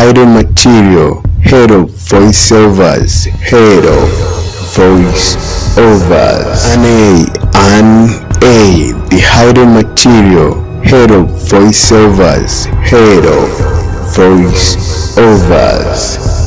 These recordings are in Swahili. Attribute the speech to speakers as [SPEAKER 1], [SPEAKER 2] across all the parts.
[SPEAKER 1] Title material Hero voiceovers Hero voiceovers An A An A The title material Hero voiceovers Hero voiceovers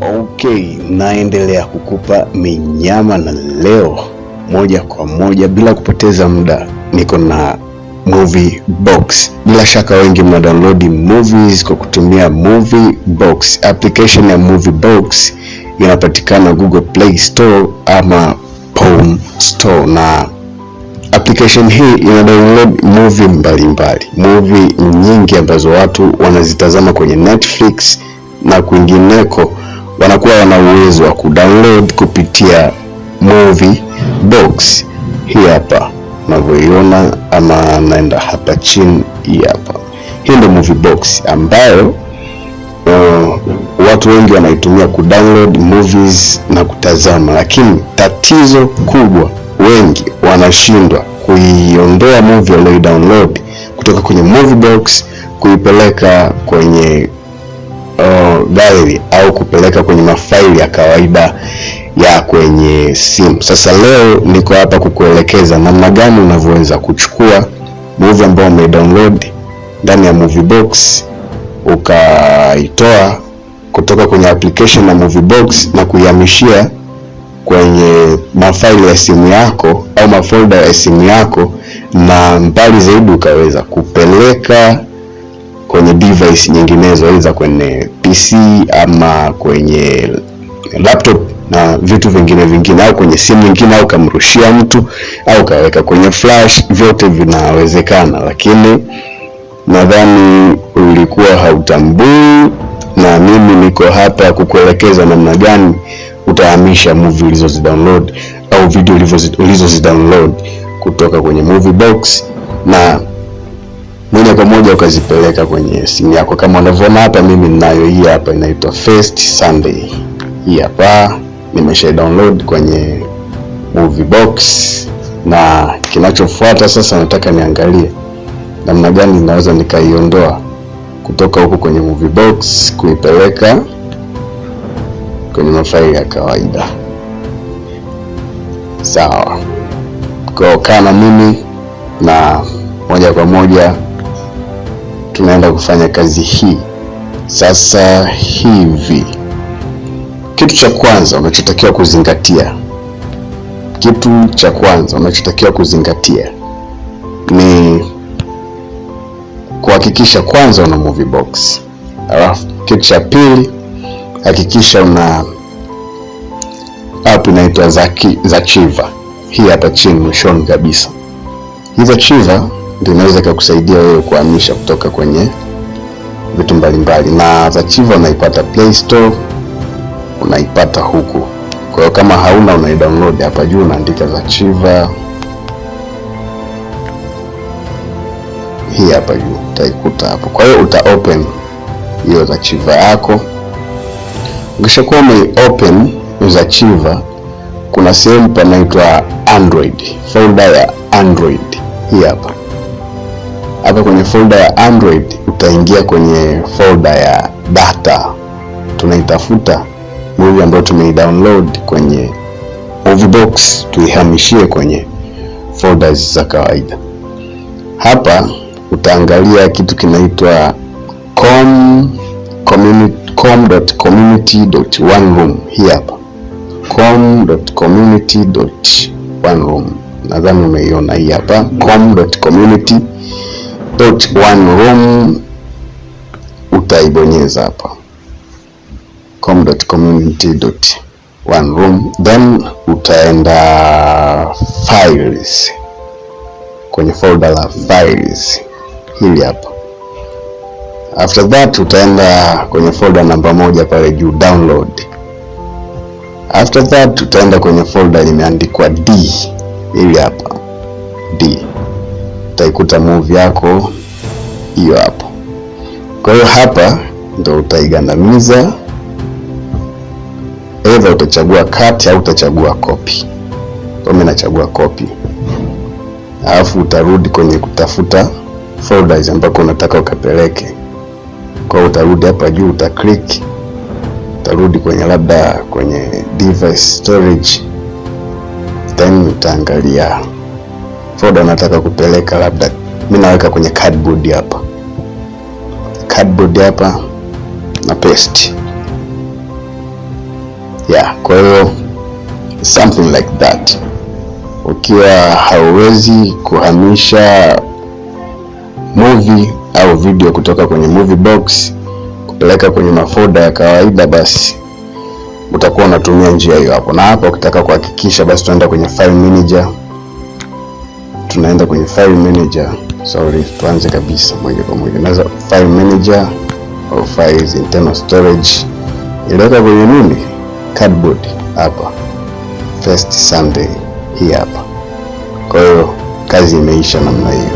[SPEAKER 2] Ok, naendelea kukupa minyama na leo moja kwa moja bila kupoteza muda niko na Movie Box. Bila shaka wengi mna download movies kwa kutumia Movie Box. Application ya Movie Box inapatikana Google Play Store ama Palm Store, na application hii ina download movie mbalimbali, movie nyingi ambazo watu wanazitazama kwenye Netflix na kwingineko wanakuwa wana uwezo wa kudownload kupitia movie box hii hapa unavyoiona ama naenda hapa chini, hii hapa hii ndio movie box ambayo uh, watu wengi wanaitumia kudownload movies na kutazama, lakini tatizo kubwa, wengi wanashindwa kuiondoa movie download kutoka kwenye movie box kuipeleka kwenye Gallery au kupeleka kwenye mafaili ya kawaida ya kwenye simu. Sasa leo niko hapa kukuelekeza namna gani unavyoweza kuchukua movie ambayo umedownload ndani ya movie box ukaitoa kutoka kwenye application ya movie box na kuihamishia kwenye mafaili ya simu yako au mafolda ya simu yako, na mbali zaidi ukaweza kupeleka kwenye device nyinginezo, aidha kwenye PC ama kwenye laptop na vitu vingine vingine, au kwenye simu nyingine, au kamrushia mtu au kaweka kwenye flash, vyote vinawezekana, lakini nadhani ulikuwa hautambui, na mimi niko hapa kukuelekeza namna gani utahamisha movie ulizozidownload au video ulizozidownload kutoka kwenye movie box na moja kwa moja ukazipeleka kwenye simu yako. Kama unavyoona hapa, mimi ninayo hii hapa, inaitwa First Sunday. Hii hapa nimesha download kwenye movie box, na kinachofuata sasa, nataka niangalie namna gani ninaweza nikaiondoa kutoka huko kwenye movie box kuipeleka kwenye mafaili ya kawaida. Sawa, kwa kaa na mimi na moja kwa moja tunaenda kufanya kazi hii sasa hivi. Kitu cha kwanza unachotakiwa kuzingatia, kitu cha kwanza unachotakiwa kuzingatia ni kuhakikisha kwanza una movie box, alafu kitu cha pili hakikisha una app inaitwa Zachiva. Hii hapa chini mwishoni kabisa, hizo Chiva ndio inaweza ikakusaidia wewe kuhamisha kutoka kwenye vitu mbalimbali, na Zachiva unaipata Play Store, unaipata huku. Kwa hiyo kama hauna download hapa juu, unaandika Zachiva hii hapa juu utaikuta hapo. Kwa hiyo uta open hiyo Zachiva yako. Ukishakuwa ume open Zachiva, kuna sehemu panaitwa Android, folder ya Android hii hapa hapa kwenye folder ya Android utaingia kwenye folder ya data, tunaitafuta movie ambayo tumeidownload kwenye movie box, tuihamishie kwenye folders za kawaida. Hapa utaangalia kitu kinaitwa com com.community.oneroom. Hii hapa com.community.oneroom, nadhani umeiona hii hapa com.community dot one room utaibonyeza hapa one room, then utaenda files, kwenye folder la files hili hapa. After that utaenda kwenye folder namba moja pale juu download. After that utaenda kwenye folder limeandikwa D hili hapa D utaikuta move yako hiyo hapo. Kwa hiyo hapa ndo utaigandamiza, either utachagua cut au utachagua copy. Kwa mimi nachagua copy, alafu utarudi kwenye kutafuta folders ambako unataka ukapeleke. Kwa hiyo utarudi hapa juu, uta click, utarudi kwenye labda kwenye device storage, then utaangalia soda unataka kupeleka labda, mimi naweka kwenye cardboard hapa, cardboard hapa na paste ya yeah. Kwa hiyo something like that, ukiwa hauwezi kuhamisha movie au video kutoka kwenye movie box kupeleka kwenye mafoda ya kawaida, basi utakuwa unatumia njia hiyo hapo na hapo. Ukitaka kuhakikisha, basi tunaenda kwenye file manager tunaenda kwenye file manager. Sorry, tuanze kabisa moja kwa moja. Naweza file manager au files internal storage, iliweka kwenye nini, cardboard hapa, first Sunday hii hapa. Kwa hiyo kazi imeisha namna hiyo.